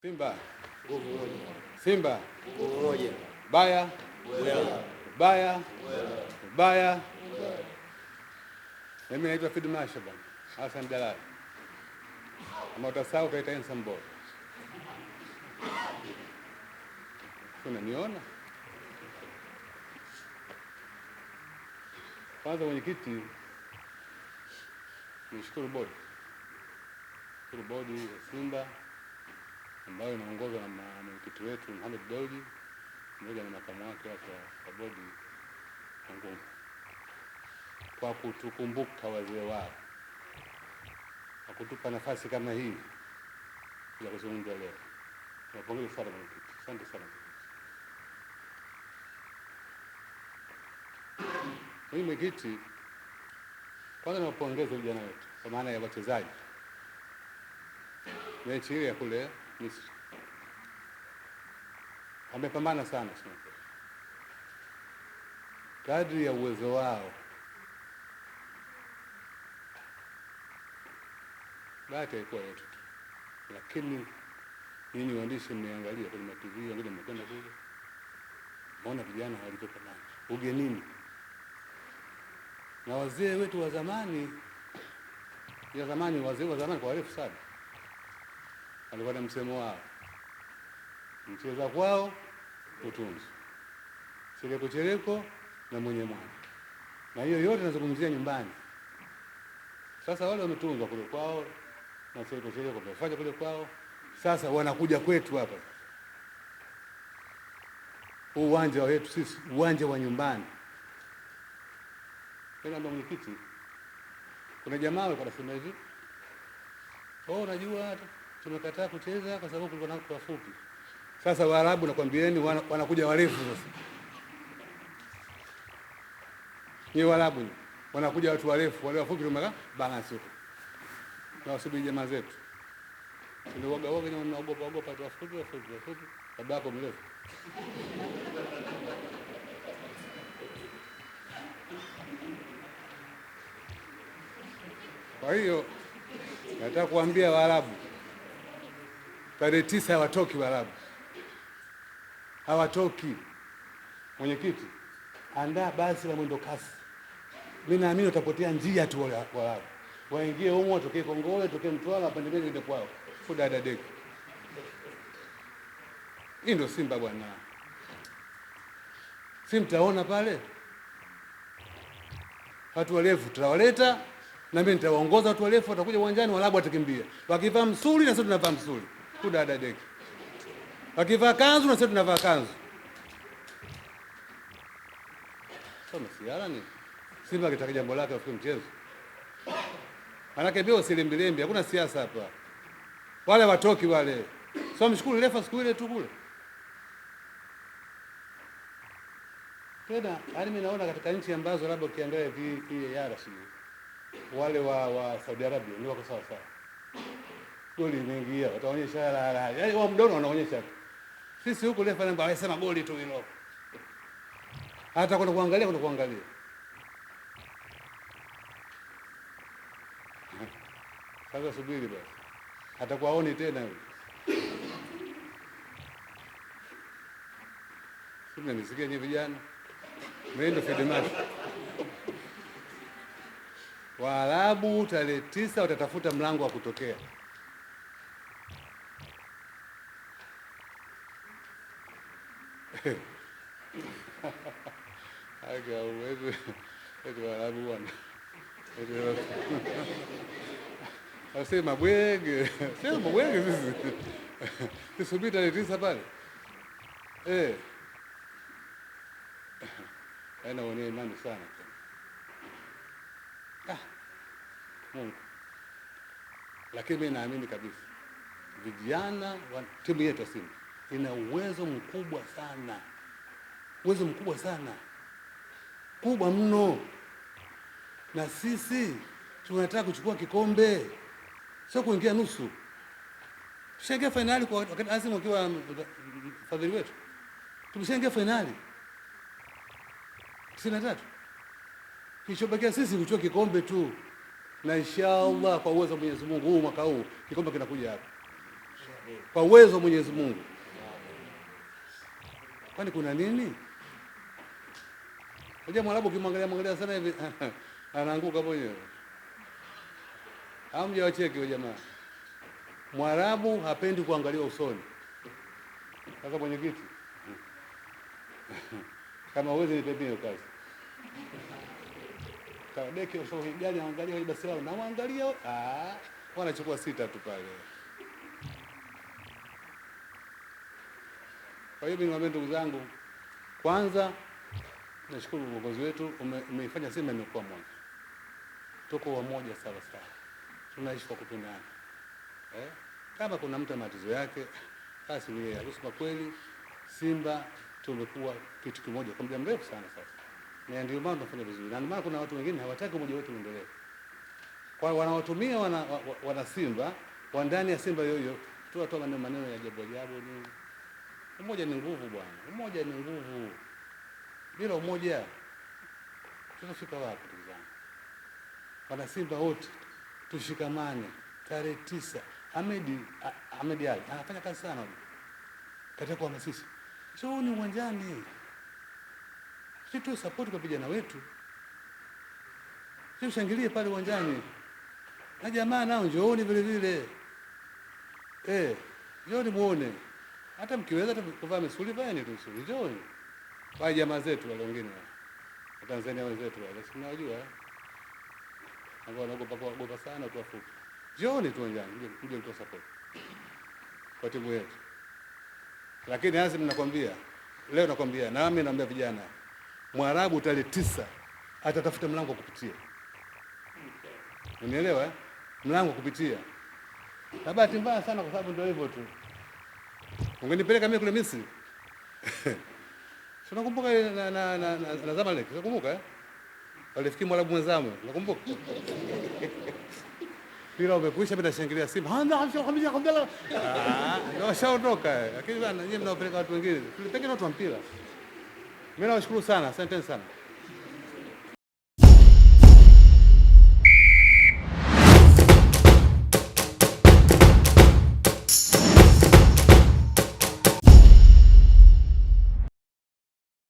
Simba nguvu moja, Simba nguvu moja, baya wela, baya baya Mimi naitwa Fidu Masha bwana Hassan Jalali, ama utasahau ukaita Handsome Unaniona kwanza, mwenyekiti, nishukuru bodi, shukuru bodi ya Simba ambayo inaongozwa na mwenyekiti wetu Mohamed Dewji pamoja na makamu wake wa bodi ya ngumi kwa kutukumbuka wazee wao na kutupa nafasi kama hii ya kuzungumza leo. Nawapongeza sana mwenyekiti, asante sana mwenyekiti. Mwenyekiti, kwanza nawapongeza vijana wetu kwa maana ya wachezaji mechi ile ya kule Misri. Wamepambana sana sana, Kadri ya uwezo wao. Bahati haikuwa yetu, lakini nini waandishi mmeangalia kwenye matv, angalia, mmekwenda kule, maona vijana walitoka nao ugenini na wazee wetu wa zamani ya zamani, wazee wa zamani kwa warefu sana alikuwa na msemo wao, mcheza kwao utunzi, chereko chereko na mwenye mwana, na hiyo yote nazungumzia nyumbani. Sasa wale wametunzwa kule kwao na chereko chereko wamefanya kule kwao, sasa wanakuja kwetu hapa. Huu uwanja wetu sisi, uwanja wa nyumbani. Naomba mwenyekiti, kuna jamaa walikuwa anasema hivi, oh, unajua hata tumekataa kucheza kwa sababu kulikuwa na watu wafupi. Sasa Waarabu nakwambieni, wanakuja warefu sasa. Ni Waarabu wanakuja watu warefu, wale wafupi tumeka balance huko. Na wasubiri jamaa zetu. Ndio waga waga ndio naogopa ogopa watu wafupi wafupi wafupi, baba yako mrefu. Kwa hiyo nataka kuambia Waarabu tarehe tisa hawatoki Waarabu, hawatoki. Mwenyekiti, andaa basi la mwendo kasi, mi naamini watapotea njia tu Waarabu, waingie humo, watokee Kongole, watokee Mtwara, wapande ndege ende kwao kudada deki. Hii ndio Simba bwana, si mtaona pale watu warefu tutawaleta, na mimi nitawaongoza watu warefu, watakuja uwanjani, walabu watakimbia, wakivaa msuli na sisi tunavaa msuli deki. Wakivaa kanzu na sisi tunavaa kanzu. Sasa msiala ni Simba akitaka jambo lake afike mchezo. Manake bio silembilembi, hakuna siasa hapa. Wale watoki wale. So mshukuru refa siku ile tu kule. Tena hadi yaani mimi naona katika nchi ambazo labda ukiangalia ile yara sio. wale wa, wa Saudi Arabia ndio wako sawa sawa goli imeingia, wataonyesha la la, yaani wao mdono wanaonyesha. Sisi huku refa namba anasema goli tu hilo, hata kwenda kuangalia kwenda kuangalia. Sasa subiri basi, Hata aoni tena huyo. Sasa nisikie ni vijana mwendo Field Marshal Waarabu tarehe tisa watatafuta mlango wa kutokea. I go with sisi tisubiri tarehe tisa pale eh imani sana ah Mungu lakini mi naamini kabisa vijana wa timu yetu Simba ina uwezo mkubwa sana, uwezo mkubwa sana, kubwa mno, na sisi tunataka kuchukua kikombe, sio kuingia nusu. Tushaingia fainali kwa wakati Azimu akiwa um, fadhili wetu, tumeshaingia fainali tisini na tatu. Kilichobakia sisi kuchukua kikombe tu, na inshallah kwa uwezo wa Mwenyezi Mungu huu mwaka huu kikombe kinakuja hapa kwa uwezo wa Mwenyezi Mungu kwani kuna nini? Unajua Mwarabu ukimwangalia mwangalia sana hivi anaanguka mwenyewe. Hamja wacheki wa jamaa. Mwarabu hapendi kuangalia usoni. Sasa mwenyekiti, kama uwezi nipe hiyo kazi Kabeki ushauri gani? Angalia basi wao na waangalia, ah, wanachukua sita tu pale. Kwa hiyo mimi niwaambie ndugu zangu, kwanza nashukuru uongozi wetu umeifanya ume Simba imekuwa moja, tuko wamoja sawa sawa, tunaishi kwa kupendana eh? Kama kuna mtu ana matatizo yake basi ni yeye. Kwa kweli Simba tumekuwa kitu kimoja kwa muda mrefu sana sasa, na ndio maana tunafanya vizuri, na ndio maana kuna watu wengine hawataki umoja wetu uendelee, kwa wanaotumia wana, wana wana Simba wa ndani ya Simba yoyo, tuatoa maneno maneno ya ajabu ajabu nini Umoja ni nguvu bwana, umoja ni nguvu. Bila umoja tutafika wapi? Ndugu zangu, Wanasimba wote tushikamane. Tarehe tisa Hamedi Hamedi Ali anafanya kazi sana katika kuhamasisha, njooni uwanjani, situe sapoti kwa vijana wetu, tushangilie pale uwanjani, na jamaa nao njooni vile vile, eh, njooni muone hata mkiweza hata kuvaa misuli vaeni tu misuli, njooni kwa jamaa zetu wale wengine Watanzania wenzetu wale, si mnajua ambao wanaogopa kuogopa sana watu wafupi, njooni tu wenzangu, kuja kutoa support kwa timu yetu. Lakini lazima mnakwambia leo, nakwambia nami, naambia vijana, Mwarabu tarehe tisa atatafuta mlango wa kupitia, unielewa, eh? mlango wa kupitia. Na bahati mbaya sana, kwa sababu ndio hivyo tu ungenipeleka mimi kule Misri sio? Nakumbuka na na na na Zamalek, nakumbuka eh? alifikia mwalabu mwenzamu, nakumbuka mpira umekuisha, mimi nashangilia Simba ah, handa hamsha hamsha hamdala ah. na washaondoka, lakini bana, nyinyi mnaopeleka watu wengine, tulipeke na watu wa mpira. Mimi nawashukuru sana, Asante sana.